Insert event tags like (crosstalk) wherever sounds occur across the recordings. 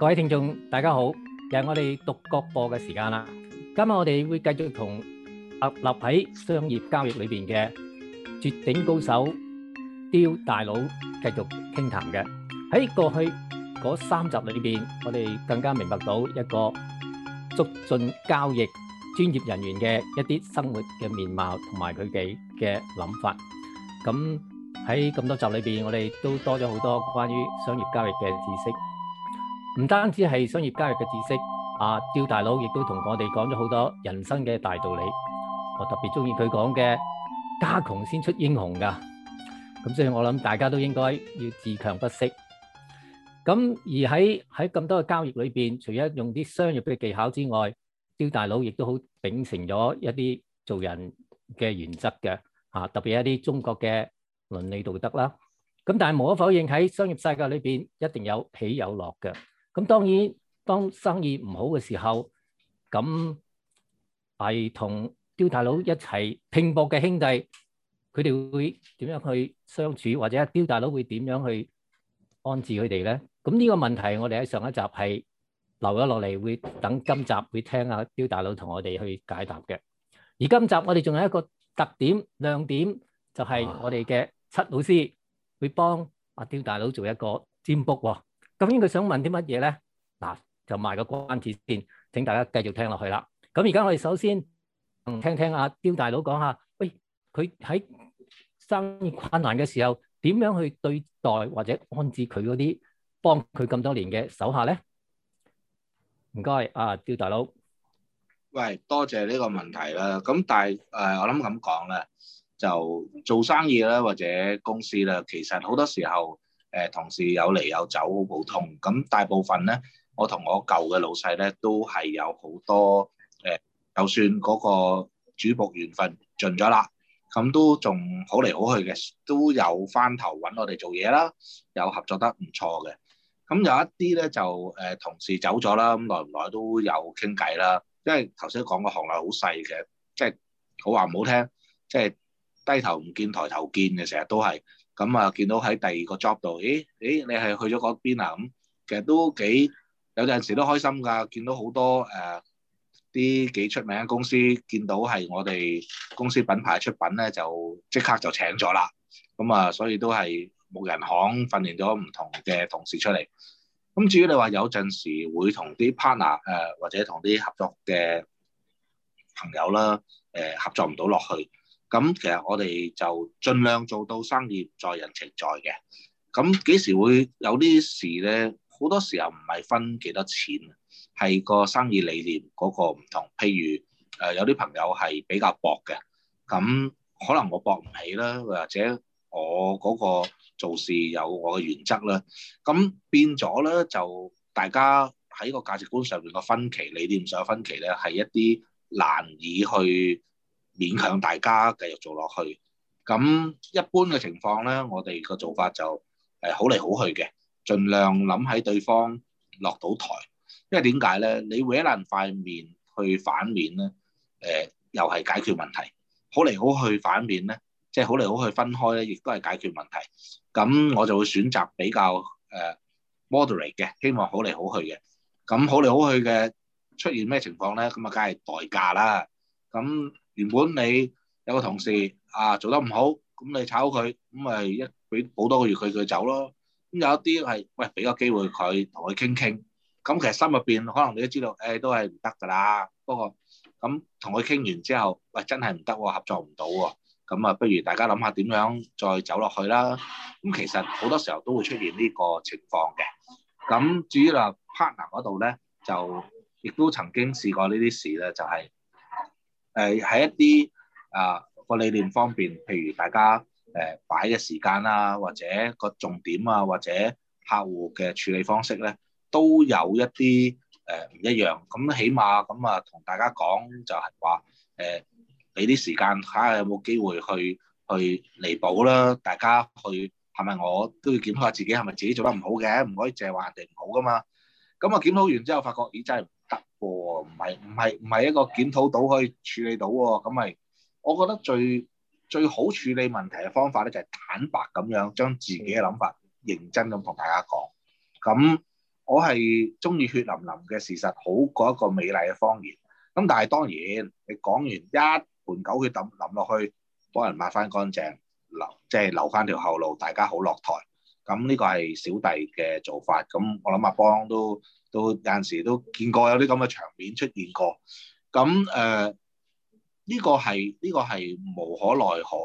各位聽眾，大家好，又係我哋獨角播嘅時間啦。今日我哋會繼續同屹立喺商業交易裏邊嘅絕頂高手刁大佬繼續傾談嘅。喺過去嗰三集裏邊，我哋更加明白到一個促進交易專業人員嘅一啲生活嘅面貌同埋佢哋嘅諗法。咁喺咁多集裏邊，我哋都多咗好多關於商業交易嘅知識。唔單止係商業交易嘅知識，阿刁大佬亦都同我哋講咗好多人生嘅大道理。我特別鍾意佢講嘅家窮先出英雄㗎。咁所以我諗大家都應該要自強不息。咁而喺喺咁多嘅交易裏邊，除咗用啲商業嘅技巧之外，刁大佬亦都好秉承咗一啲做人嘅原則嘅嚇，特別係一啲中國嘅倫理道德啦。咁但係無可否認，喺商業世界裏邊一定有起有落嘅。咁當然，當生意唔好嘅時候，咁係同刁大佬一齊拼搏嘅兄弟，佢哋會點樣去相處，或者刁大佬會點樣去安置佢哋咧？咁呢個問題，我哋喺上一集係留咗落嚟，會等今集會聽下刁大佬同我哋去解答嘅。而今集我哋仲有一個特點亮點，就係我哋嘅七老師會幫阿刁大佬做一個占卜喎。究竟佢想問啲乜嘢咧？嗱，就賣個關子先，請大家繼續聽落去啦。咁而家我哋首先嗯，聽聽阿刁大佬講下，喂，佢喺生意困難嘅時候點樣去對待或者安置佢嗰啲幫佢咁多年嘅手下咧？唔該，阿刁大佬，喂，多謝呢個問題啦。咁但係誒，我諗咁講啦，就做生意啦或者公司啦，其實好多時候。誒同事有嚟有走好普通，咁大部分咧，我同我舊嘅老細咧都係有好多誒、呃，就算嗰個主僕緣分盡咗啦，咁都仲好嚟好去嘅，都有翻頭揾我哋做嘢啦，有合作得唔錯嘅。咁有一啲咧就誒、呃、同事走咗啦，咁耐唔耐都有傾偈啦，因為頭先講個行內好細嘅，即係好話唔好聽，即係低頭唔見抬頭見嘅，成日都係。咁啊、嗯，見到喺第二個 job 度，咦？咦！你係去咗嗰邊啊？咁、嗯、其實都幾有陣時都開心㗎，見到好多誒啲幾出名嘅公司，見到係我哋公司品牌出品咧，就即刻就請咗啦。咁、嗯、啊，所以都係木人巷訓練咗唔同嘅同事出嚟。咁、嗯、至於你話有陣時會同啲 partner 誒、呃，或者同啲合作嘅朋友啦，誒、呃、合作唔到落去。咁其實我哋就盡量做到生意在人情在嘅。咁幾時會有啲事咧？好多時候唔係分幾多錢，係個生意理念嗰個唔同。譬如誒，有啲朋友係比較薄嘅，咁可能我薄唔起啦，或者我嗰個做事有我嘅原則啦。咁變咗咧，就大家喺個價值觀上面個分歧、理念上嘅分歧咧，係一啲難以去，勉強大家繼續做落去，咁一般嘅情況咧，我哋個做法就誒好嚟好去嘅，盡量諗喺對方落到台，因為點解咧？你搲爛塊面去反面咧，誒又係解決問題；好嚟好去反面咧，即係好嚟好去分開咧，亦都係解決問題。咁我就會選擇比較誒 moderate 嘅，希望好嚟好去嘅。咁好嚟好去嘅出現咩情況咧？咁啊，梗係代價啦。咁原本你有個同事啊，做得唔好，咁你炒佢，咁咪一俾好多個月佢，佢走咯。咁有一啲係喂，俾個機會佢同佢傾傾，咁其實心入邊可能你都知道，誒、哎、都係唔得㗎啦。不過咁同佢傾完之後，喂真係唔得喎，合作唔到喎，咁啊不如大家諗下點樣再走落去啦。咁其實好多時候都會出現呢個情況嘅。咁至於啊 partner 嗰度咧，就亦都曾經試過呢啲事咧，就係、是。誒喺、呃、一啲啊、呃、個理念方面，譬如大家誒、呃、擺嘅時間啊，或者個重點啊，或者客戶嘅處理方式咧，都有一啲誒唔一樣。咁起碼咁啊，同大家講就係話誒俾啲時間睇下有冇機會去去彌補啦。大家去係咪我都要檢討下自己係咪自己做得唔好嘅？唔可以淨係話人哋唔好㗎嘛。咁、嗯、啊檢討完之後，發覺咦真係～得個喎，唔係唔係唔係一個檢討到可以處理到喎，咁咪我覺得最最好處理問題嘅方法咧，就係坦白咁樣將自己嘅諗法認真咁同大家講。咁我係鍾意血淋淋嘅事實，好過一個美麗嘅謊言。咁但係當然，你講完一盆狗血抌淋落去，幫人抹翻乾淨，留即係、就是、留翻條後路，大家好落台。咁呢個係小弟嘅做法。咁我諗阿邦都。都有陣時都見過有啲咁嘅場面出現過，咁誒呢個係呢、這個係無可奈何，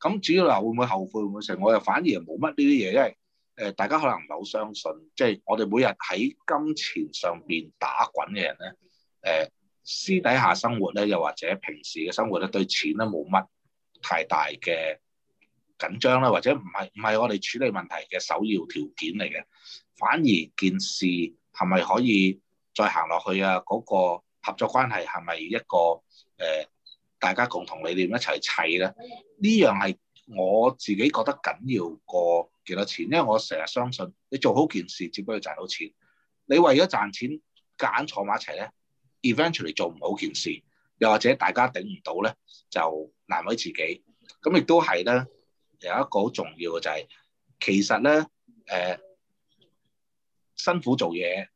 咁主要話會唔會，後悔會唔會成？我又反而冇乜呢啲嘢，因為誒、呃、大家可能唔係好相信，即係我哋每日喺金錢上邊打滾嘅人咧，誒、呃、私底下生活咧，又或者平時嘅生活咧，對錢咧冇乜太大嘅緊張啦，或者唔係唔係我哋處理問題嘅首要條件嚟嘅，反而件事。係咪可以再行落去啊？嗰個合作關係係咪一個誒，大家共同理念一齊砌咧？呢樣係我自己覺得緊要過幾多錢，因為我成日相信你做好件事先可以賺到錢。你為咗賺錢夾硬坐埋一齊咧，eventually 做唔好件事，又或者大家頂唔到咧，就難為自己。咁亦都係咧，有一個好重要嘅就係，其實咧誒。呃辛苦做嘢，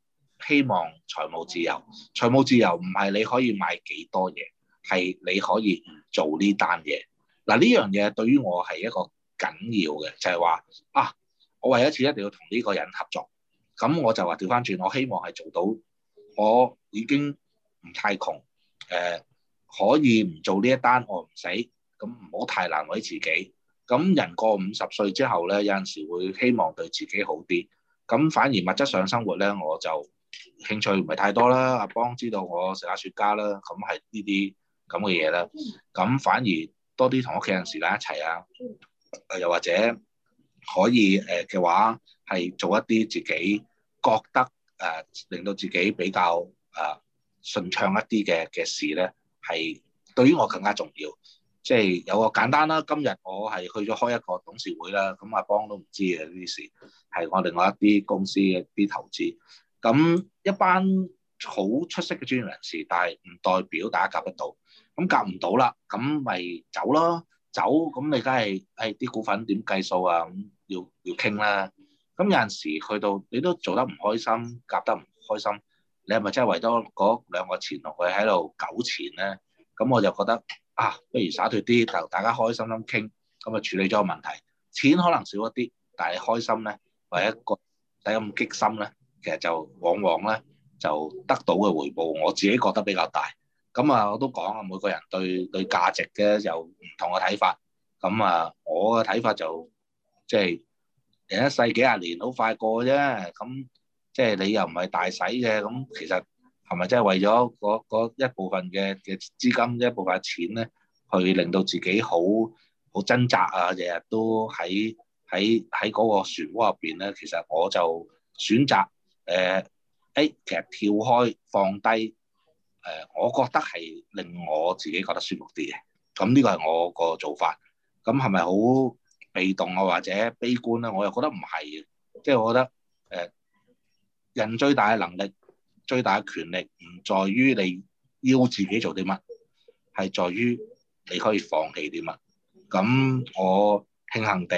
希望財務自由。財務自由唔係你可以買幾多嘢，係你可以唔做呢單嘢。嗱、啊、呢樣嘢對於我係一個緊要嘅，就係、是、話啊，我為一次一定要同呢個人合作。咁我就話調翻轉，我希望係做到，我已經唔太窮。誒、呃，可以唔做呢一單，我唔使咁唔好太難為自己。咁人過五十歲之後咧，有陣時會希望對自己好啲。咁反而物質上生活咧，我就興趣唔係太多啦。阿邦知道我食下雪茄啦，咁係呢啲咁嘅嘢啦。咁反而多啲同屋企人時間一齊啊，誒又或者可以誒嘅話係做一啲自己覺得誒、呃、令到自己比較誒、呃、順暢一啲嘅嘅事咧，係對於我更加重要。即係有個簡單啦，今日我係去咗開一個董事會啦，咁阿邦都唔知嘅呢啲事，係我另外一啲公司嘅啲投資，咁一班好出色嘅專業人士，但係唔代表大家夾得到，咁夾唔到啦，咁咪走咯，走，咁你梗係，誒、哎、啲股份點計數啊，咁要要傾啦，咁有陣時去到你都做得唔開心，夾得唔開心，你係咪真係為咗嗰兩個錢同佢喺度糾纏咧？咁我就覺得。啊，不如灑脱啲，就大家開心咁傾，咁啊處理咗個問題。錢可能少一啲，但係開心咧，為一個咁激心咧，其實就往往咧就得到嘅回報，我自己覺得比較大。咁啊，我都講啊，每個人對對價值嘅有唔同嘅睇法。咁啊，我嘅睇法就即係人一世幾廿年，好快過啫。咁即係你又唔係大使嘅，咁其實。係咪真係為咗嗰一部分嘅嘅資金，一部分錢咧，去令到自己好好掙扎啊？日日都喺喺喺嗰個漩渦入邊咧，其實我就選擇誒，誒，其實跳開放低誒，我覺得係令我自己覺得舒服啲嘅。咁呢個係我個做法。咁係咪好被動啊？或者悲觀咧？我又覺得唔係嘅，即係我覺得誒，人最大嘅能力。最大嘅權力唔在於你要自己做啲乜，係在於你可以放棄啲乜。咁我慶幸地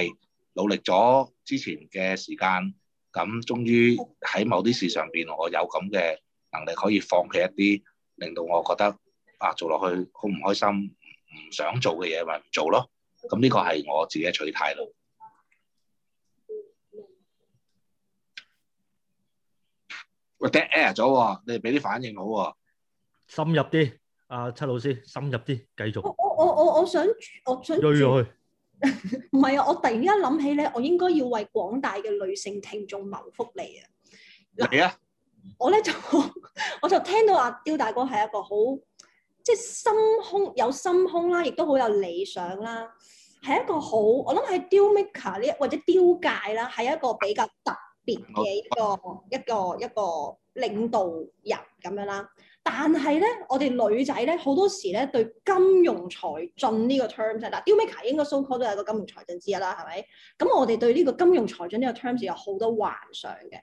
努力咗之前嘅時間，咁終於喺某啲事上邊，我有咁嘅能力可以放棄一啲令到我覺得啊做落去好唔開心唔想做嘅嘢，咪唔做咯。咁呢個係我自己嘅取態度。我 dead air 咗，你俾啲反應好喎，啊。深入啲，阿七老師深入啲，繼續。我我我我我想我想。我想去唔係啊，我突然間諗起咧，我應該要為廣大嘅女性聽眾謀福利啊。嚟啊呀。我咧就我就聽到阿刁大哥係一個好即係心胸有心胸啦，亦都好有理想啦，係一個好我諗係刁 maker 呢或者刁界啦，係一個比較特別嘅一個一個一個領導人咁樣啦，但係咧，我哋女仔咧好多時咧對金融財政呢個 terms，嗱，刁 Maker 應該 so called 都有一個金融財政之一啦，係咪？咁我哋對呢個金融財政呢個 terms 有好多幻想嘅，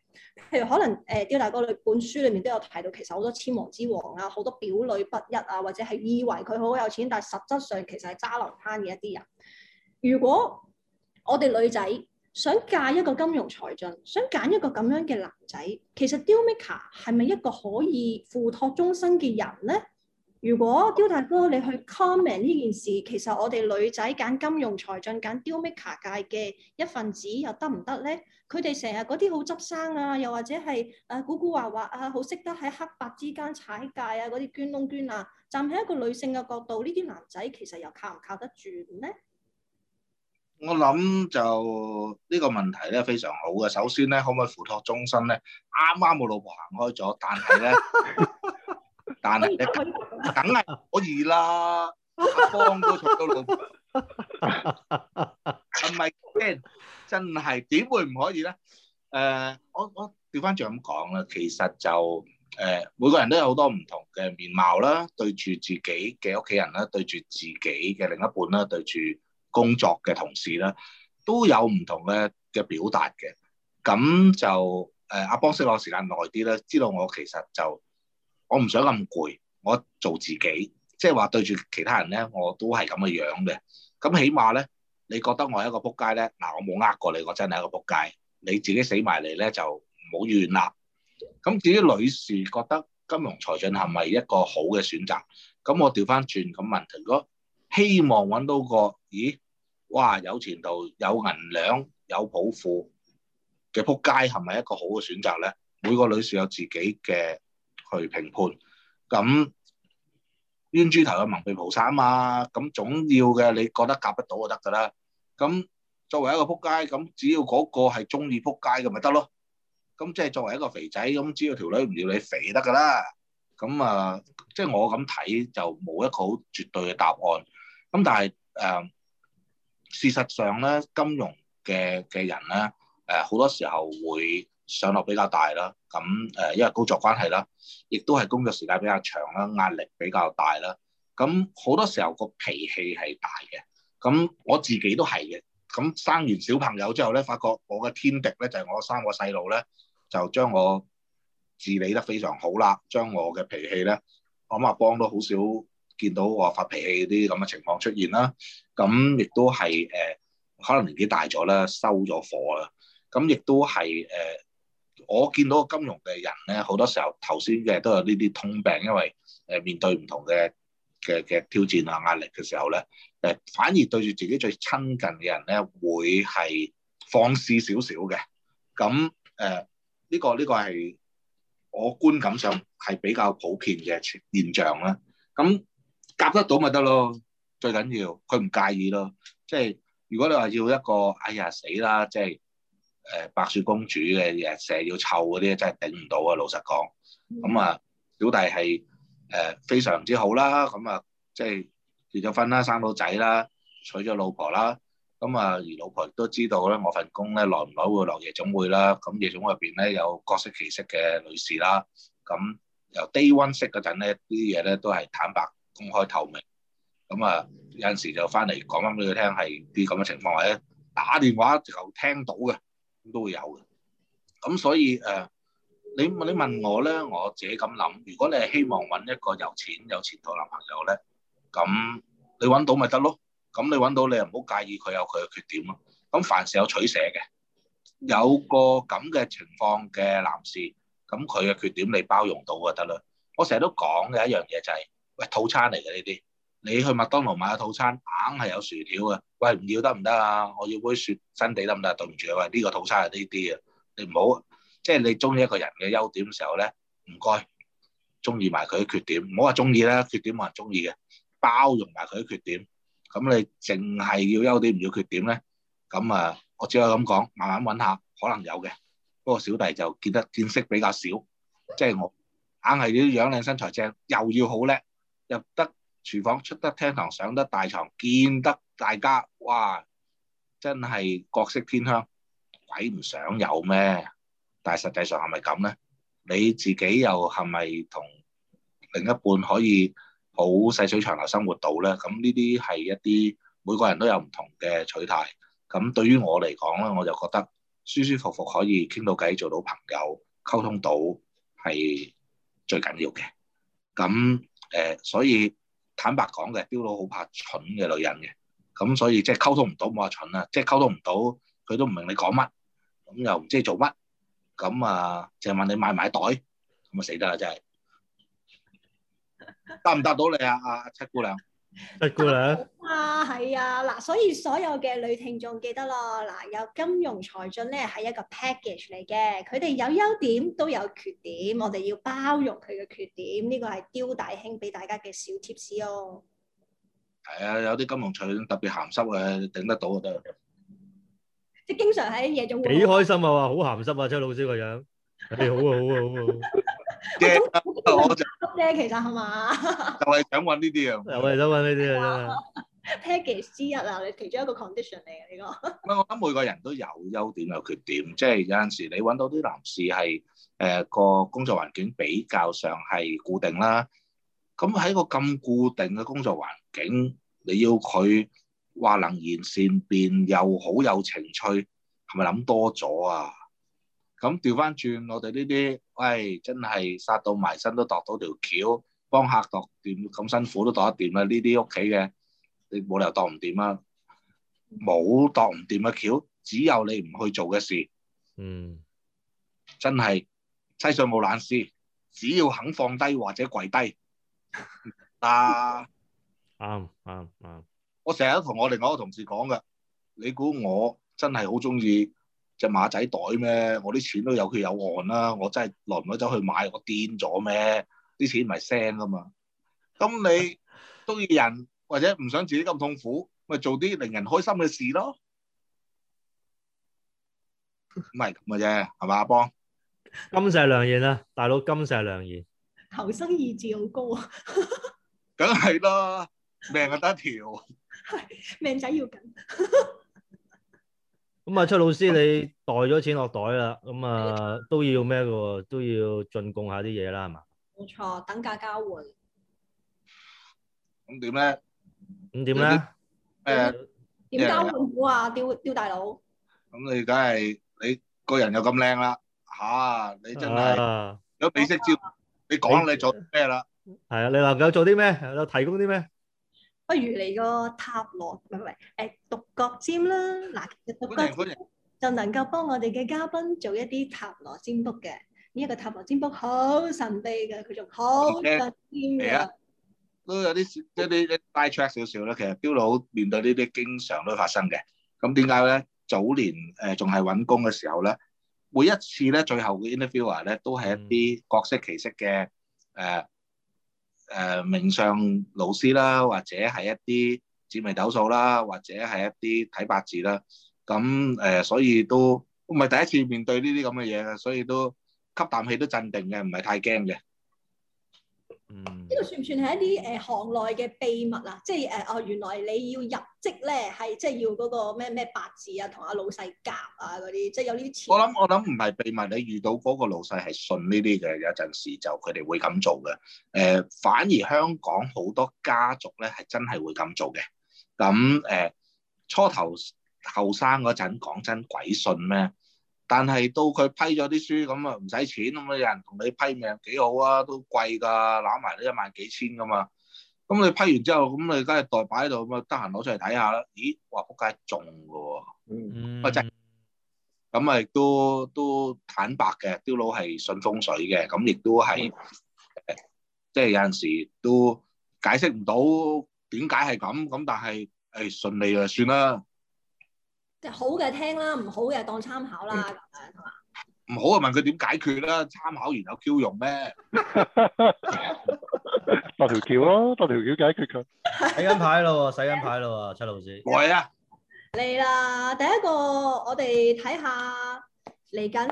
譬如可能誒，刁、呃、大哥你本書裏面都有提到，其實好多千王之王啊，好多表裏不一啊，或者係以為佢好有錢，但係實質上其實係渣流攤嘅一啲人。如果我哋女仔，想嫁一個金融才俊，想揀一個咁樣嘅男仔，其實 Dio m i c a 係咪一個可以付託終生嘅人咧？如果刁大哥你去 comment 呢件事，其實我哋女仔揀金融才俊、揀 Dio m i c a 界嘅一份子又得唔得咧？佢哋成日嗰啲好執生啊，又或者係誒古古惑惑，啊，好識得喺黑白之間踩界啊，嗰啲捐窿捐啊，站喺一個女性嘅角度，呢啲男仔其實又靠唔靠得住咧？我諗就呢、這個問題咧非常好嘅。首先咧，可唔可以付託終身咧？啱啱我老婆行開咗，但係咧， (laughs) 但係梗係可以啦，阿邦都娶到老婆，係 (laughs) 咪？真係點會唔可以咧？誒、呃，我我調翻轉咁講啦，其實就誒、呃，每個人都有好多唔同嘅面貌啦，對住自己嘅屋企人啦，對住自己嘅另一半啦，對住。工作嘅同事咧，都有唔同嘅嘅表達嘅，咁就誒阿邦識我時間耐啲咧，知道我其實就我唔想咁攰，我做自己，即係話對住其他人咧，我都係咁嘅樣嘅。咁起碼咧，你覺得我係一個仆街咧？嗱，我冇呃過你，我真係一個仆街，你自己死埋嚟咧就唔好怨啦。咁至於女士覺得金融財政係咪一個好嘅選擇？咁我調翻轉咁問題，如果希望揾到個咦？哇！有前途、有銀兩、有抱負嘅撲街係咪一個好嘅選擇咧？每個女士有自己嘅去評判。咁冤豬頭嘅盲鼻菩薩啊嘛！咁總要嘅，你覺得夾得到就得㗎啦。咁作為一個撲街，咁只要嗰個係鍾意撲街嘅咪得咯。咁即係作為一個肥仔，咁只要條女唔要你肥得㗎啦。咁啊，即係我咁睇就冇一個好絕對嘅答案。咁但係誒。事實上咧，金融嘅嘅人咧，誒、呃、好多時候會上落比較大啦。咁誒、呃，因為工作關係啦，亦都係工作時間比較長啦，壓力比較大啦。咁好多時候個脾氣係大嘅。咁我自己都係嘅。咁生完小朋友之後咧，發覺我嘅天敵咧就係、是、我三個細路咧，就將我治理得非常好啦，將我嘅脾氣咧，我諗幫到好少，見到我發脾氣啲咁嘅情況出現啦，咁亦都係誒、呃，可能年紀大咗啦，收咗火啦，咁亦都係誒、呃，我見到金融嘅人咧，好多時候頭先嘅都有呢啲通病，因為誒面對唔同嘅嘅嘅挑戰啊、壓力嘅時候咧，誒反而對住自己最親近嘅人咧，會係放肆少少嘅，咁誒呢個呢、呢個係我觀感上係比較普遍嘅現象啦，咁。夾得到咪得咯，最緊要佢唔介意咯。即係如果你話要一個，哎呀死啦！即係誒、呃、白雪公主嘅日成日要湊嗰啲，真係頂唔到啊！老實講，咁、嗯、啊、嗯嗯，小弟係誒、呃、非常之好啦。咁、嗯、啊，即係結咗婚啦，生到仔啦，娶咗老婆啦。咁、嗯、啊，而老婆都知道咧，我份工咧耐唔耐會落夜總會啦。咁、嗯、夜總會入邊咧有各色其色嘅女士啦。咁、嗯、由 day one 識嗰陣咧，啲嘢咧都係坦白。公開透明，咁啊有陣時就翻嚟講翻俾佢聽，係啲咁嘅情況，或者打電話直頭聽到嘅，咁都會有嘅。咁所以誒，你你問我咧，我自己咁諗，如果你係希望揾一個有錢有前途男朋友咧，咁你揾到咪得咯？咁你揾到你又唔好介意佢有佢嘅缺點咯。咁凡事有取捨嘅，有個咁嘅情況嘅男士，咁佢嘅缺點你包容到就得啦。我成日都講嘅一樣嘢就係。喂，套餐嚟嘅呢啲，你去麥當勞買個套餐，硬係有薯條嘅。喂，唔要得唔得啊？我要杯雪新地得唔得？對唔住啊，喂，呢個套餐係呢啲啊，你唔好即係你中意一個人嘅優點嘅時候咧，唔該，中意埋佢嘅缺點，唔好話中意啦，缺點冇人中意嘅，包容埋佢嘅缺點，咁你淨係要優點唔要缺點咧？咁啊，我只可以咁講，慢慢搵下，可能有嘅。不過小弟就見得見識比較少，即係我硬係要樣靚身材正，又要好叻。入得廚房，出得廳堂，上得大牀，見得大家，哇！真係國色天香，鬼唔想有咩？但係實際上係咪咁咧？你自己又係咪同另一半可以好細水長流生活到咧？咁呢啲係一啲每個人都有唔同嘅取態。咁對於我嚟講咧，我就覺得舒舒服服可以傾到偈，做到朋友，溝通到係最緊要嘅。咁誒、呃，所以坦白講嘅，刁佬好怕蠢嘅女人嘅，咁所以即係溝通唔到冇話蠢啊，即係溝通唔到，佢都唔明你講乜，咁又唔知做乜，咁啊淨係問你買唔買袋，咁啊死得啦真係，答唔答到你啊，阿七姑娘？得嘅啦，啊係啊嗱，啊，所以所有嘅女聽眾記得咯，嗱，啊、有金融才俊咧係一個 package 嚟嘅，佢哋有優點都有缺點，我哋要包容佢嘅缺點，呢、這個係刁大興俾大家嘅小 tips 哦。係啊，有啲金融才俊特別鹹濕嘅，頂得到啊得。即係經常喺夜總會。幾開心啊！哇，好鹹濕啊！七老師個樣。你好啊！我都，我就急啫，其實係嘛？就係想揾呢啲啊！就係想揾呢啲啊！Package 之一啦，你其中一個 condition 嚟嘅呢個。唔係，我諗每個人都有優點有缺點，即係有陣時你揾到啲男士係誒個工作環境比較上係固定啦，咁喺個咁固定嘅工作環境，你要佢話能言善辯又好有情趣，係咪諗多咗啊？咁調翻轉我哋呢啲。喂、哎，真係殺到埋身都度到條橋，幫客度掂咁辛苦都度得掂啦。呢啲屋企嘅，你冇理由度唔掂啊！冇度唔掂嘅橋，只有你唔去做嘅事。嗯，真係世上冇難事，只要肯放低或者跪低。 (laughs) 啊，啱啱啱。我成日同我另外一個同事講㗎，你估我真係好中意。隻馬仔袋咩？我啲錢都有血有岸啦，我真係輪唔到走去買，我癲咗咩？啲錢唔係 send 噶嘛。咁你都要人或者唔想自己咁痛苦，咪做啲令人開心嘅事咯。唔係咁嘅啫，係嘛，阿邦？金石良言啊，大佬金石良言。求生意志好高啊！梗係啦，命得一條。係命仔要緊。咁啊，七老師你袋咗錢落袋啦，咁啊都要咩嘅？都要進貢下啲嘢啦，係嘛？冇錯，等價交換。咁點咧？咁點咧？點交換股啊？刁刁大佬？咁你梗係你個人又咁靚啦，吓你真係，如果美色招，你講你做咩啦？係啊，你能夠做啲咩？能夠提供啲咩？不如嚟個塔羅唔係唔係獨角尖啦嗱，其實獨角就能夠幫我哋嘅嘉賓做一啲塔羅占卜嘅。呢、這、一個塔羅占卜好神秘嘅，佢仲好緊要啊！都、 (music) 嗯、有啲即係你你拉 check 少少啦。 (music) 其實刁佬面對呢啲經常都發生嘅。咁點解咧？早年誒仲係揾工嘅時候咧，每一次咧最後嘅 interviewer 咧都係一啲各色其色嘅誒。呃嗯誒、呃、名相老師啦，或者係一啲紫微斗數啦，或者係一啲睇八字啦，咁誒、呃、所以都唔係第一次面對呢啲咁嘅嘢，所以都吸啖氣都鎮定嘅，唔係太驚嘅。呢個、嗯、算唔算係一啲誒、呃、行內嘅秘密啊？即係誒哦，原來你要入職咧，係即係要嗰個咩咩八字啊，同阿老細夾啊嗰啲，即係有呢啲錢。我諗我諗唔係秘密，你遇到嗰個老細係信呢啲嘅，有陣時就佢哋會咁做嘅。誒、呃，反而香港好多家族咧係真係會咁做嘅。咁誒、呃，初頭後生嗰陣，講真鬼信咩？但係到佢批咗啲書咁啊，唔使錢咁啊，有人同你批命幾好啊，都貴噶，攬埋你一萬幾千噶嘛。咁你批完之後，咁你梗係代擺喺度，咁啊得閒攞出嚟睇下啦。咦，哇，仆街中噶喎，咪、嗯、真。咁咪、嗯嗯、都都坦白嘅，刁佬係信風水嘅，咁亦都係，嗯嗯、即係有陣時都解釋唔到點解係咁。咁但係誒順利啊，算啦。好嘅聽啦，唔好嘅當參考啦，咁樣係嘛？唔好就問佢點解決啦，參考完有 Q 用咩？搭條橋咯，搭條橋解決佢。睇銀牌嘞喎，洗銀牌嘞喎，七老師。喂啊。嚟啦，第一個我哋睇下嚟緊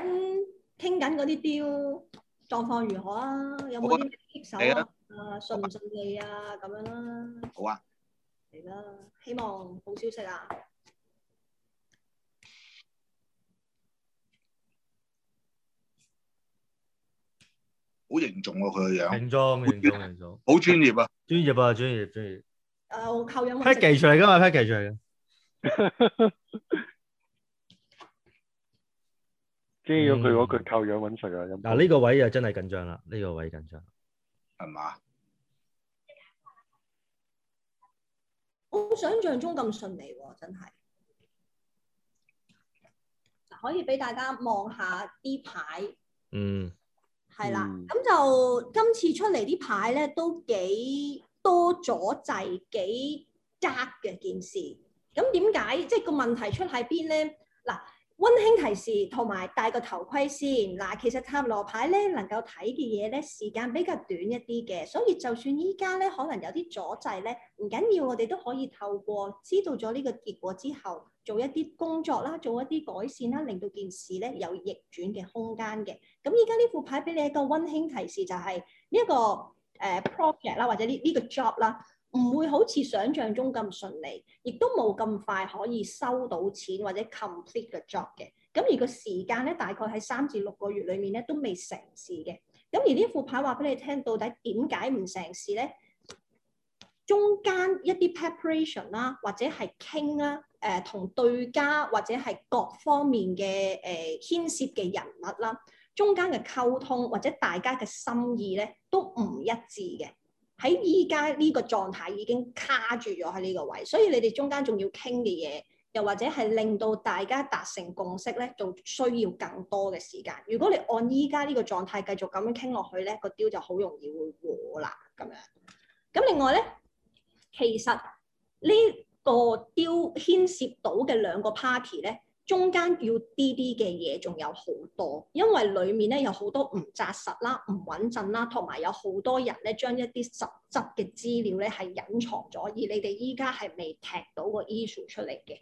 傾緊嗰啲雕狀況如何啊？有冇啲棘手啊？啊，順唔順利啊？咁樣啦。好啊。嚟啦，希望好消息啊！好認重啊，佢個樣，認裝認好專業啊，專業啊，專業專業。誒、呃，我靠樣揾 package 嚟㗎嘛，package 嚟嘅。即係用佢嗰句靠樣揾食啊。嗱、啊，呢、這個位又真係緊張啦，呢、這個位緊張，係嘛吧？冇想象中咁順利喎、啊，真係。可以俾大家望下啲牌。嗯。係啦，咁就今次出嚟啲牌咧都幾多阻滯，幾棘嘅件事。咁點解，即係個問題出喺邊咧？嗱。温馨提示同埋戴個頭盔先，嗱、啊。其實塔羅牌咧能夠睇嘅嘢咧時間比較短一啲嘅，所以就算依家咧可能有啲阻滯咧，唔緊要，我哋都可以透過知道咗呢個結果之後做一啲工作啦，做一啲改善啦，令到件事咧有逆轉嘅空間嘅。咁依家呢副牌俾你一個温馨提示，就係呢一個誒、呃、project 啦，或者呢呢個 job 啦。唔會好似想像中咁順利，亦都冇咁快可以收到錢或者 complete 嘅 job 嘅。咁而個時間咧，大概喺三至六個月裏面咧都未成事嘅。咁而呢副牌話俾你聽，到底點解唔成事咧？中間一啲 preparation 啦，或者係傾啦，誒、呃、同對家或者係各方面嘅誒牽涉嘅人物啦，中間嘅溝通或者大家嘅心意咧都唔一致嘅。喺依家呢個狀態已經卡住咗喺呢個位，所以你哋中間仲要傾嘅嘢，又或者係令到大家達成共識咧，就需要更多嘅時間。如果你按依家呢個狀態繼續咁樣傾落去咧，個雕就好容易會和啦咁樣。咁另外咧，其實呢個雕牽涉到嘅兩個 party 咧。中間叫啲啲嘅嘢仲有好多，因為裡面咧有好多唔扎實啦、唔穩陣啦，同埋有好多人咧將一啲實質嘅資料咧係隱藏咗，而你哋依家係未踢到個 issue 出嚟嘅，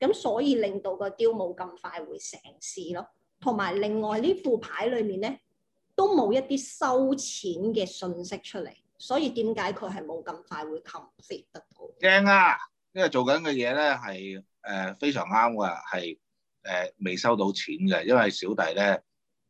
咁所以令到個雕冇咁快會成事咯。同埋另外呢副牌裡面咧都冇一啲收錢嘅信息出嚟，所以點解佢係冇咁快會氹蝕得到？正啊！因為做緊嘅嘢咧係誒非常啱嘅，係誒未收到錢嘅，因為小弟咧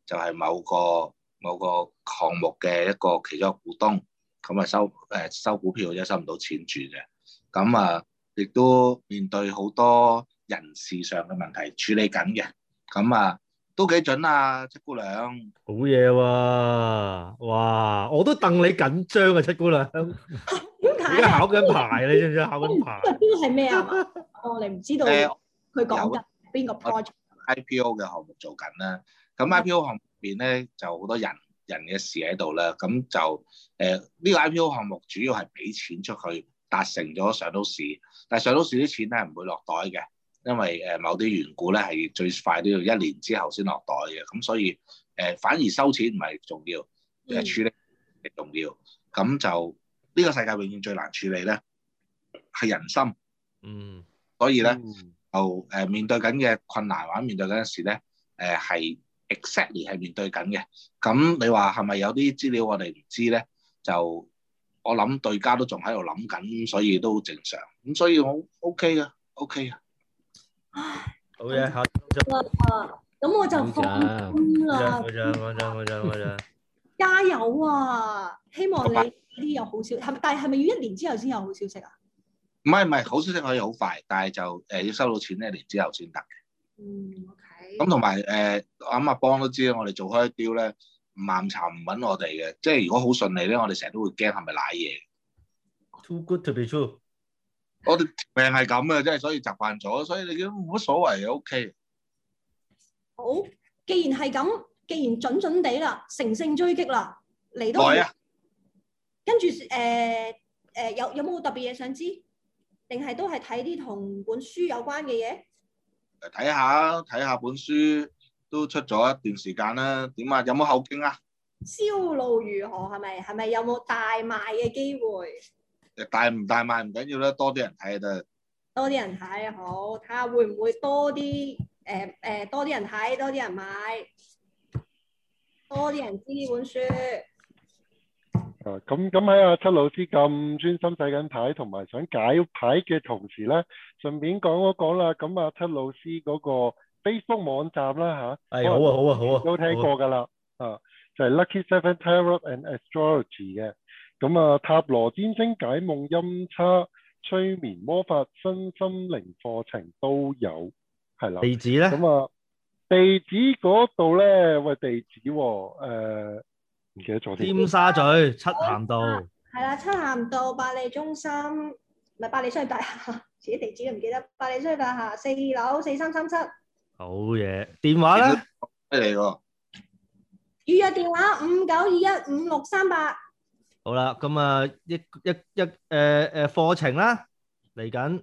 就係某個某個項目嘅一個其中一個股東，咁啊收誒收股票而收唔到錢住嘅，咁啊亦都面對好多人事上嘅問題處理緊嘅，咁啊都幾準啊，七姑娘，好嘢喎！哇！我都戥你緊張啊，七姑娘。而家、哎、考緊牌，你知唔知考緊牌？呢個係咩啊？我哋唔知道講。佢講緊邊個 project？IPO 嘅項目做緊啦。咁 IPO 項目入面咧就好多人人嘅事喺度啦。咁就誒呢、呃呢個 IPO 項目主要係俾錢出去，達成咗上到市。但係上到市啲錢咧唔會落袋嘅，因為誒某啲緣故咧係最快都要一年之後先落袋嘅。咁所以誒、呃、反而收錢唔係重要，誒處理係重要。咁就。呢個世界永遠最難處理咧，係人心。 (noise) 呃是 exactly、是嗯，所以咧就誒面對緊嘅困難或者面對緊嘅事咧，誒係 exactly 係面對緊嘅。咁你話係咪有啲資料我哋唔知咧？就我諗對家都仲喺度諗緊，所以都正常。咁所以我 OK 啊，OK 啊。好嘅，嚇。 (noise) 咁、哦、我就封啦。 (noise) (noise) (noise) 加油啊！希望你呢啲拜有好消息，係咪？但係係咪要一年之後先有好消息啊？唔係唔係，好消息可以好快，但係就誒要、呃、收到錢一年之後先得嘅。嗯，我、okay、睇。咁同埋誒，阿、呃、阿邦都知我哋做開刁咧，唔暗查唔搵我哋嘅，即係如果好順利咧，我哋成日都會驚係咪瀨嘢。Too good to be true。我哋命係咁嘅，即係所以習慣咗，所以你都冇乜所謂嘅。O K。Okay、好，既然係咁。既然準準地啦，乘勝追擊啦，嚟到，啊、跟住誒誒，有有冇特別嘢想知，定係都係睇啲同本書有關嘅嘢？睇下睇下本書都出咗一段時間啦。點啊？有冇後勁啊？銷路如何係咪係咪有冇大賣嘅機會？誒，大唔大賣唔緊要啦，多啲人睇就得，多啲人睇好，睇下會唔會多啲誒誒多啲人睇，多啲人買。多啲人知呢本書啊！咁咁喺阿七老師咁專心洗緊牌，同埋想解牌嘅同時咧，順便講一講啦。咁阿、啊、七老師嗰個 Facebook 網站啦吓，係好啊好啊、哎、我說 好啊，好啊好啊好啊都聽過噶啦。啊，啊，啊，就係、是、Lucky Seven Tarot and Astrology 嘅。咁啊，塔羅占星、解夢、音叉、催眠、魔法、身心靈課程都有，係啦。地址咧？咁啊？地址嗰度咧，喂，地址喎，誒，唔記得咗添。尖沙咀漆咸道係啦，漆咸道百利中心，唔係百利商業大廈，自己地址都唔記得，百利商業大廈四樓四三三七。好嘢，電話咧，嚟喎。預約電話五九二一五六三八。好啦，咁啊，一一一誒誒課程啦，嚟緊。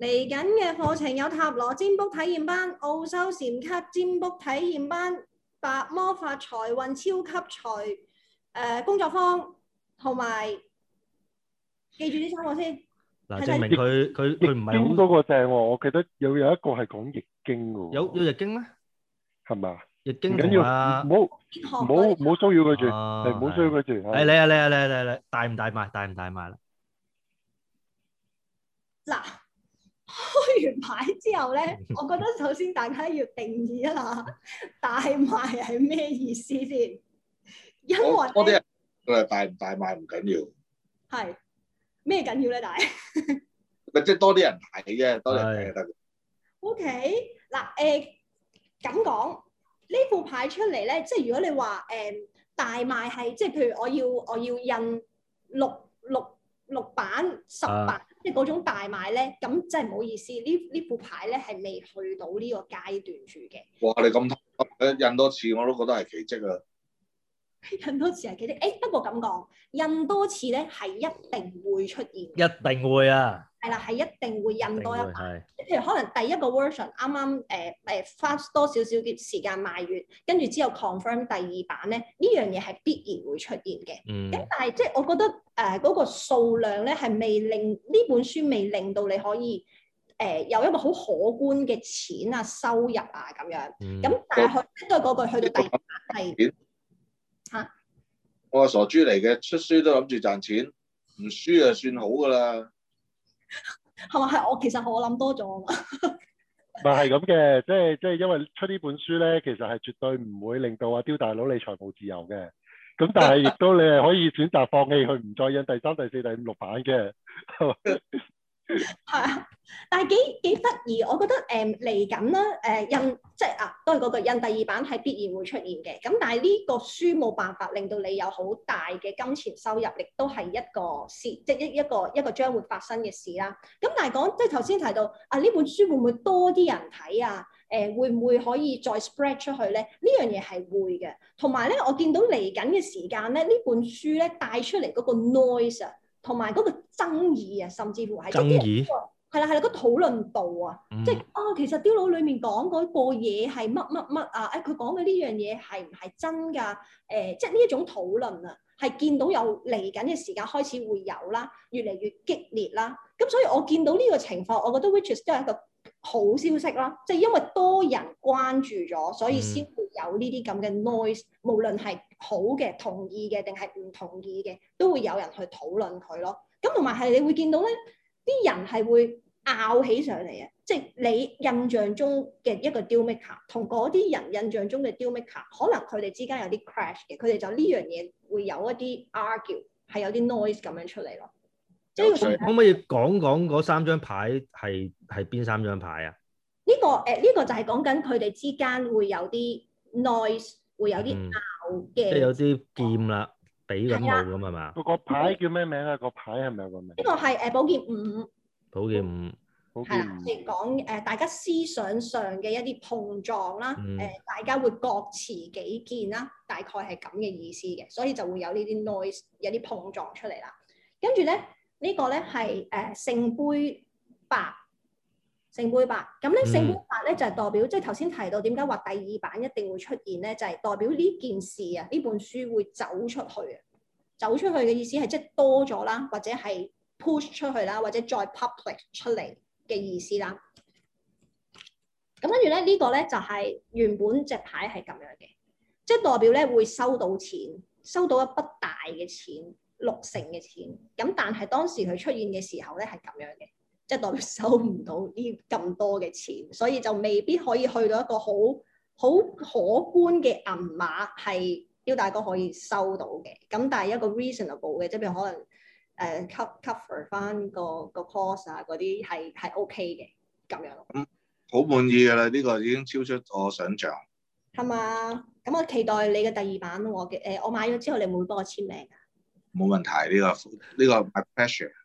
嚟緊嘅課程有塔羅占卜體驗班、澳洲禪級占卜體驗班、白魔法財運超級財誒工作坊，同埋記住呢三個先。嗱，證明佢佢佢唔係咁多個正，我記得有有一個係講易經嘅。有有易經咩？係咪？易經緊要，唔好唔好唔好騷擾佢住，係唔好騷擾佢住。誒，嚟啊嚟啊嚟嚟嚟，大唔大賣？大唔大賣啦？嗱。開完牌之後咧，我覺得首先大家要定義一下，大賣係咩意思先？因為多啲人佢話大唔大賣唔緊要，係咩緊要咧？大咪即係多啲人睇啫，多啲人睇就得。O K 嗱，誒咁講呢副牌出嚟咧，即係如果你話誒大賣係，即係譬如我要我要印六六六版十八。即係嗰種大買咧，咁真係唔好意思，呢呢副牌咧係未去到呢個階段住嘅。哇！你咁印多，多次，我都覺得係奇蹟啊！印多次係奇蹟，誒、欸、不過咁講，印多次咧係一定會出現，一定會啊！係啦，係一定會印多一版。即係譬如可能第一個 version 啱啱，誒誒，花多少少嘅時間賣完，跟住之後 confirm 第二版咧，呢樣嘢係必然會出現嘅。咁、嗯、但係即係我覺得誒嗰、呃，嗰個數量咧，係未令呢本書，未令到你可以誒、呃、有一個好可觀嘅錢啊、收入啊咁樣。咁、嗯嗯、但係佢應該嗰句去到第二版係吓，我係錢哈、哦、傻豬嚟嘅，出書都諗住賺錢，唔輸啊算好噶啦。係咪係我其實我諗多咗啊？唔係係咁嘅，即係即係因為出呢本書咧，其實係絕對唔會令到阿刁大佬你財務自由嘅。咁但係亦都你係可以選擇放棄佢唔再印第三、第四、第五、六版嘅。 (laughs) (laughs) 係啊， (laughs) 但係幾幾得意，我覺得誒嚟緊啦，誒、嗯呃、印即係啊，都係嗰句印第二版係必然會出現嘅。咁但係呢個書冇辦法令到你有好大嘅金錢收入，亦都係一個事，即係一一個一個，一個將會發生嘅事啦。咁但係講即係頭先提到啊，呢本書會唔會多啲人睇啊？誒、呃，會唔會可以再 spread 出，出去咧？呢樣嘢係會嘅。同埋咧，我見到嚟緊嘅時間咧，呢本書咧帶出嚟嗰個 noise。同埋嗰個爭議啊，甚至乎係一啲，係啦係啦，個討論度啊，即係啊，其實《刁佬》裡面講嗰個嘢係乜乜乜啊？誒、哎，佢講嘅呢樣嘢係唔係真㗎啊？誒、呃，即係呢一種討論啊，係見到有嚟緊嘅時間開始會有啦，越嚟越激烈啦。咁所以，我見到呢個情況，我覺得 witches 都係一個好消息啦。即係因為多人關注咗，所以先會有呢啲咁嘅 noise，嗯、無論係。好嘅，同意嘅定係唔同意嘅，都會有人去討論佢咯。咁同埋係，你會見到咧，啲人係會拗起上嚟嘅，即係你印象中嘅一個 deal maker，同嗰啲人印象中嘅 deal maker，可能佢哋之間有啲 crash 嘅，佢哋就呢樣嘢會有一啲 argue，係有啲 noise 咁樣出嚟咯。即係可唔可以講講嗰三張牌係係邊三張牌啊？呢個誒，呢個就係講緊佢哋之間會有啲 noise。會有啲拗嘅，即係有啲劍啦，比咁樣咁係嘛？個牌叫咩名啊？個牌係咪有個名？呢個係誒，寶劍五，寶劍五，係啦，即係講誒，大家思想上嘅一啲碰撞啦，誒、嗯，大家會各持己見啦，大概係咁嘅意思嘅，所以就會有呢啲 noise，有啲碰撞出嚟啦。跟住咧，呢、這個咧係誒聖杯八。聖杯八。咁咧聖杯八咧就係代表，即係頭先提到點解話第二版一定會出現咧，就係代表呢件事啊，呢本書會走出去啊，走出去嘅意思係即係多咗啦，或者係 push 出去啦，或者再 public 出嚟嘅意思啦。咁跟住咧，呢個咧就係原本隻牌係咁樣嘅，即係代表咧會收到錢，收到一筆大嘅錢，六成嘅錢。咁但係當時佢出現嘅時候咧係咁樣嘅。即係代表收唔到呢咁多嘅錢，所以就未必可以去到一個好好可觀嘅銀碼係刁大哥可以收到嘅。咁但係一個 reasonable 嘅，即係譬如可能誒、uh, cover cover 翻個個 cost 啊嗰啲係係 OK 嘅咁樣。嗯，好滿意㗎啦，呢、這個已經超出我想象。係嘛？咁我期待你嘅第二版喎嘅誒，我買咗之後你會唔會幫我簽名啊？冇問題，呢、這個呢、這個 my pleasure。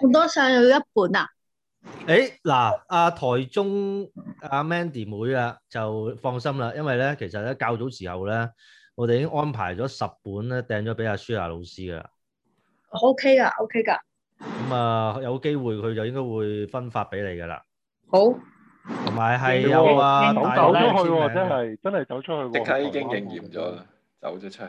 好多相有一本啊！誒，嗱，阿台中阿 Mandy 妹啊，就放心啦，因為咧，其實咧較早時候咧，我哋已經安排咗十本咧，掟咗俾阿舒雅老師㗎喇。O K 噶，O K 噶。咁啊，有機會佢就應該會分發俾你噶啦。好。同埋係啊，走咗去，真係真係走出去，即刻已經營業咗啦，走咗出去。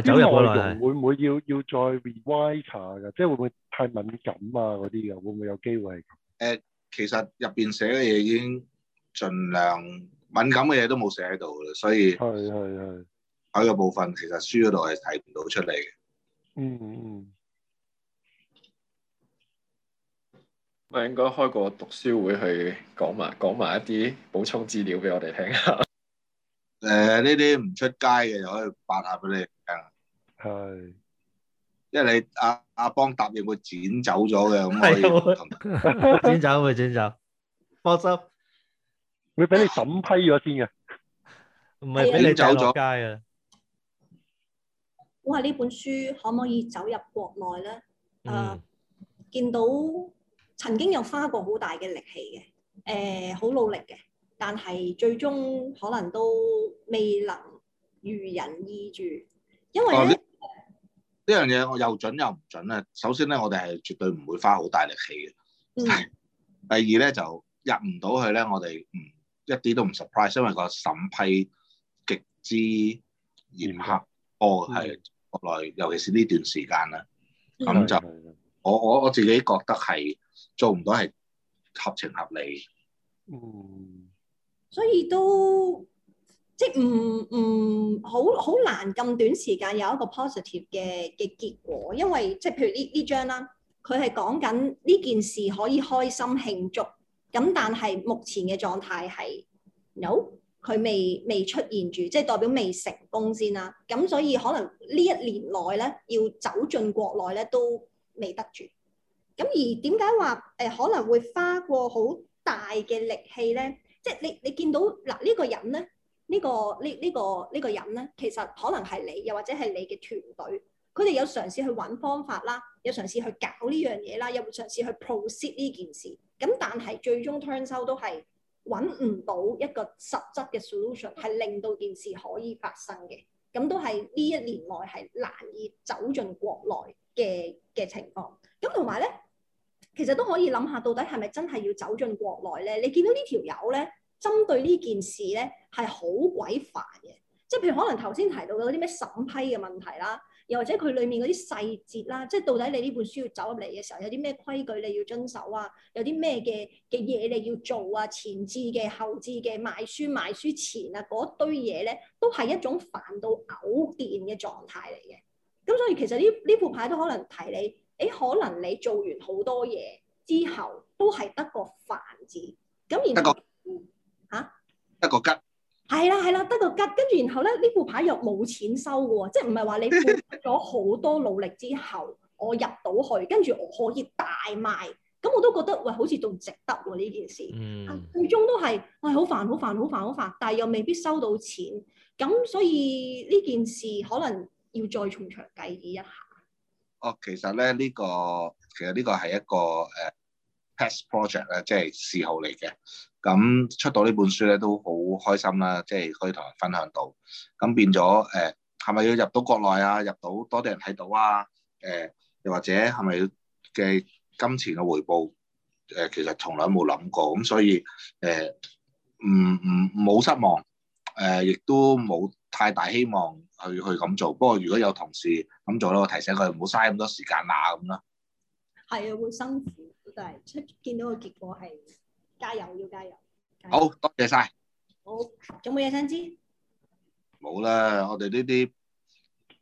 啲內容會唔會要要再 rewrite 㗎？即係會唔會太敏感啊？嗰啲嘅會唔會有機會係咁？誒，其實入邊寫嘅嘢已經盡量敏感嘅嘢都冇寫喺度啦，所以係係係，嗰個部分其實書嗰度係睇唔到出嚟嘅。嗯。嗯嗯，我應該開個讀書會去講埋講埋一啲補充資料俾我哋聽。誒，呢啲唔出街嘅，又可以發下俾你聽。係是，因為你阿阿邦答應會剪走咗嘅，咁係啊， (laughs) (laughs) (laughs) 剪走咪剪走，放心，會俾 (laughs) 你審批咗先嘅，唔係俾你走咗街啊。我係呢本書可唔可以走入國內咧？誒、嗯啊，見到曾經有花過好大嘅力氣嘅，誒、呃，好努力嘅。但係最終可能都未能如人意住，因為呢樣嘢，哦、我又準又唔準咧。首先咧，我哋係絕對唔會花好大力氣嘅，嗯。嗯。第二咧就入唔到去咧，我哋唔一啲都唔 surprise，因為個審批極之嚴苛，係國內，嗯、尤其是呢段時間咧，咁，嗯嗯，就，嗯、我我我自己覺得係做唔到係合情合理。嗯。所以都即係唔唔好好難咁短時間有一個 positive 嘅嘅結果，因為即係譬如呢呢張啦，佢係講緊呢件事可以開心慶祝，咁但係目前嘅狀態係 no，佢未未出現住，即係代表未成功先啦。咁、嗯、所以可能呢一年內咧，要走進國內咧都未得住。咁、嗯、而點解話誒可能會花過好大嘅力氣咧？即係你你見到嗱呢個人咧，呢個呢呢個呢個人咧，其實可能係你，又或者係你嘅團隊，佢哋有嘗試去揾方法啦，有嘗試去搞呢樣嘢啦，有嘗試去 proceed 呢件事，咁但係最終 turnaround 都係揾唔到一個實質嘅 solution，係令到件事可以發生嘅，咁都係呢一年內係難以走進國內嘅嘅情況，咁同埋咧。其實都可以諗下，到底係咪真係要走進國內咧？你見到呢條友咧，針對呢件事咧係好鬼煩嘅，即係譬如可能頭先提到嗰啲咩審批嘅問題啦，又或者佢裡面嗰啲細節啦，即係到底你呢本書要走入嚟嘅時候有啲咩規矩你要遵守啊，有啲咩嘅嘅嘢你要做啊，前置嘅後置嘅賣書賣書前啊嗰堆嘢咧，都係一種煩到嘔電嘅狀態嚟嘅。咁所以其實呢呢副牌都可能提你。你可能你做完好多嘢之後，都係得個煩字。咁然得個嚇，得個國、啊、吉。係啦係啦，得個吉。跟住然後咧，呢副牌又冇錢收喎，即係唔係話你付出咗好多努力之後， (laughs) 我入到去，跟住我可以大賣。咁我都覺得喂、哎，好似仲值得喎呢件事。嗯。最終都係，唉、哎，好煩，好煩，好煩，好煩。但係又未必收到錢。咁所以呢件事可能要再從長計議一下。哦，其實咧呢、這個其實呢個係一個誒、uh, past project 咧，即係嗜好嚟嘅。咁出到呢本書咧都好開心啦，即係可以同人分享到。咁變咗誒，係、呃、咪要入到國內啊？入到多啲人睇到啊？誒、呃，又或者係咪嘅金錢嘅回報？誒、呃，其實從來冇諗過。咁所以誒，唔唔冇失望，誒、呃、亦都冇太大希望。去去咁做，不過如果有同事咁做咧，我提醒佢唔好嘥咁多時間啦咁咯。係啊，會辛苦，但係出見到個結果係，加油要加油。好多謝晒，好，謝謝，好，仲有冇嘢想知？冇啦，我哋呢啲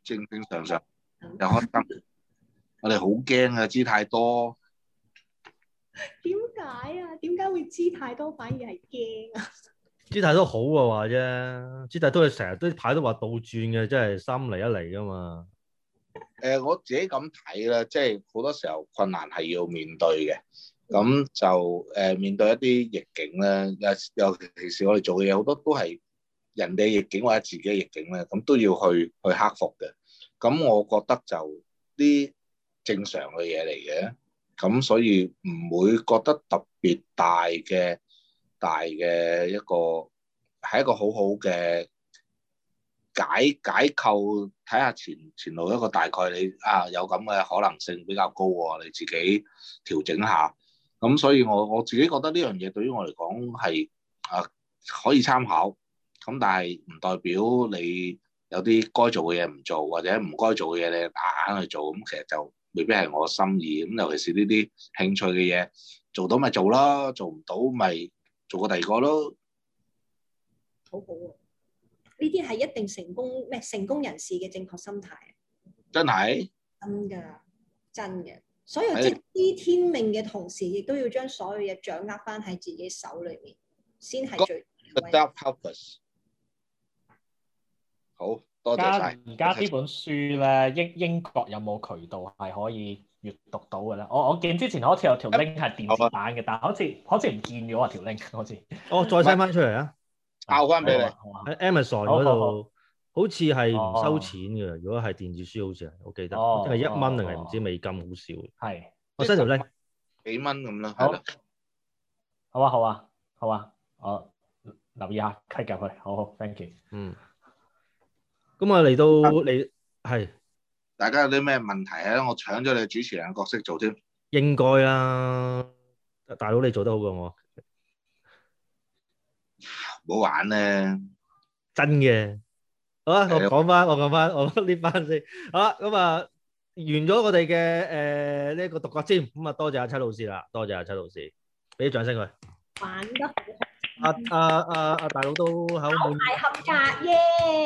正正常常又 (laughs) 開心。我哋好驚啊，啊知太多。點解啊？點解會知太多反而係驚啊？姿態都好嘅話啫，姿態都係成日都啲牌都話倒轉嘅，即係三嚟一嚟噶嘛。誒、呃，我自己咁睇啦，即係好多時候困難係要面對嘅，咁就誒、呃、面對一啲逆境咧，尤其是我哋做嘅嘢好多都係人哋逆境或者自己逆境咧，咁都要去去克服嘅。咁我覺得就啲正常嘅嘢嚟嘅，咁所以唔會覺得特別大嘅。大嘅一個係一個好好嘅解解構，睇下前前路一個大概，你啊有咁嘅可能性比較高喎，哦，你自己調整下。咁所以我我自己覺得呢樣嘢對於我嚟講係啊可以參考。咁但係唔代表你有啲該做嘅嘢唔做，或者唔該做嘅嘢你硬硬去做，咁其實就未必係我心意。咁尤其是呢啲興趣嘅嘢，做到咪做咯，做唔到咪～做個第二個咯，好好啊！呢啲係一定成功咩？成功人士嘅正確心態啊！真係真㗎，真嘅。所有即知天命嘅同時，亦都要將所有嘢掌握翻喺自己手裏面，先係最。Without purpose。好多謝晒。而家呢本書咧，英英國有冇渠道係可以？閱讀到噶啦，我我見之前好似有條 link 係電子版嘅，但好似好似唔見咗啊條 link，好似哦，再 send 翻出嚟啊，交翻俾你喺 Amazon 嗰度，好似係唔收錢嘅，如果係電子書好似係，我記得係一蚊定係唔知美金好少。係我 send 條 link，幾蚊咁啦。好，好啊，好啊，好啊，我留意下，批入去，好好，thank you。嗯。咁啊，嚟到你。係。大家有啲咩問題啊？我搶咗你主持人嘅角色做添，應該啦。大佬你做得好過我，唔好玩咧，真嘅。好啊，我講翻，我講翻，我拎翻先。好啊，咁啊，完咗我哋嘅誒呢個獨角尖。咁啊，多謝阿七老師啦，多謝阿七老師，俾啲掌聲佢。玩得好，啊啊啊！大佬都好，好大合格耶，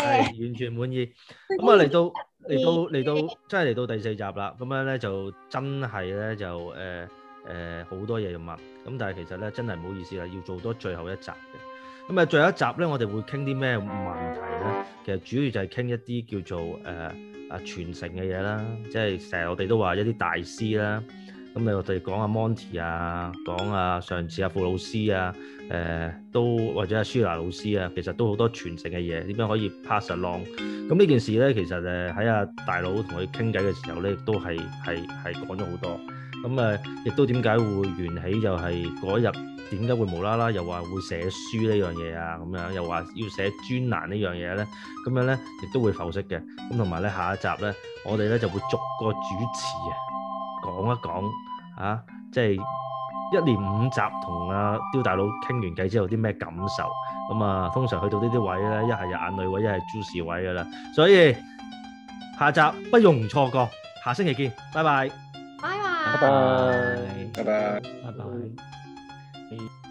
係完全滿意。咁啊，嚟到。嚟到嚟到，真係嚟到第四集啦。咁樣咧就真係咧就誒誒好多嘢要問。咁但係其實咧真係唔好意思啦，要做多最後一集嘅。咁啊最後一集咧，我哋會傾啲咩問題咧？其實主要就係傾一啲叫做誒啊傳承嘅嘢啦。即係成日我哋都話一啲大師啦。咁你、嗯、我哋講阿 Monty 啊，講啊上次阿、啊、傅老師啊，誒、呃、都或者阿舒娜老師啊，其實都好多傳承嘅嘢，點樣可以 pass along？咁、嗯、呢件事呢？其實誒喺阿大佬同佢傾偈嘅時候咧，都係係係講咗好多。咁、嗯、啊，亦都點解會緣起就，就係嗰日點解會無啦啦又話會寫書呢樣嘢啊？咁樣又話要寫專欄呢樣嘢咧？咁樣咧亦都會浮色嘅。咁同埋咧下一集咧，我哋咧就會逐個主持啊，講一講。啊，即係一連五集，同阿刁大佬傾完偈之後有啲咩感受？咁啊，通常去到呢啲位咧，一係就眼淚位，一係 juicy 位噶啦，所以下集不容錯過，下星期見，拜拜，拜拜，拜拜，拜拜，拜拜。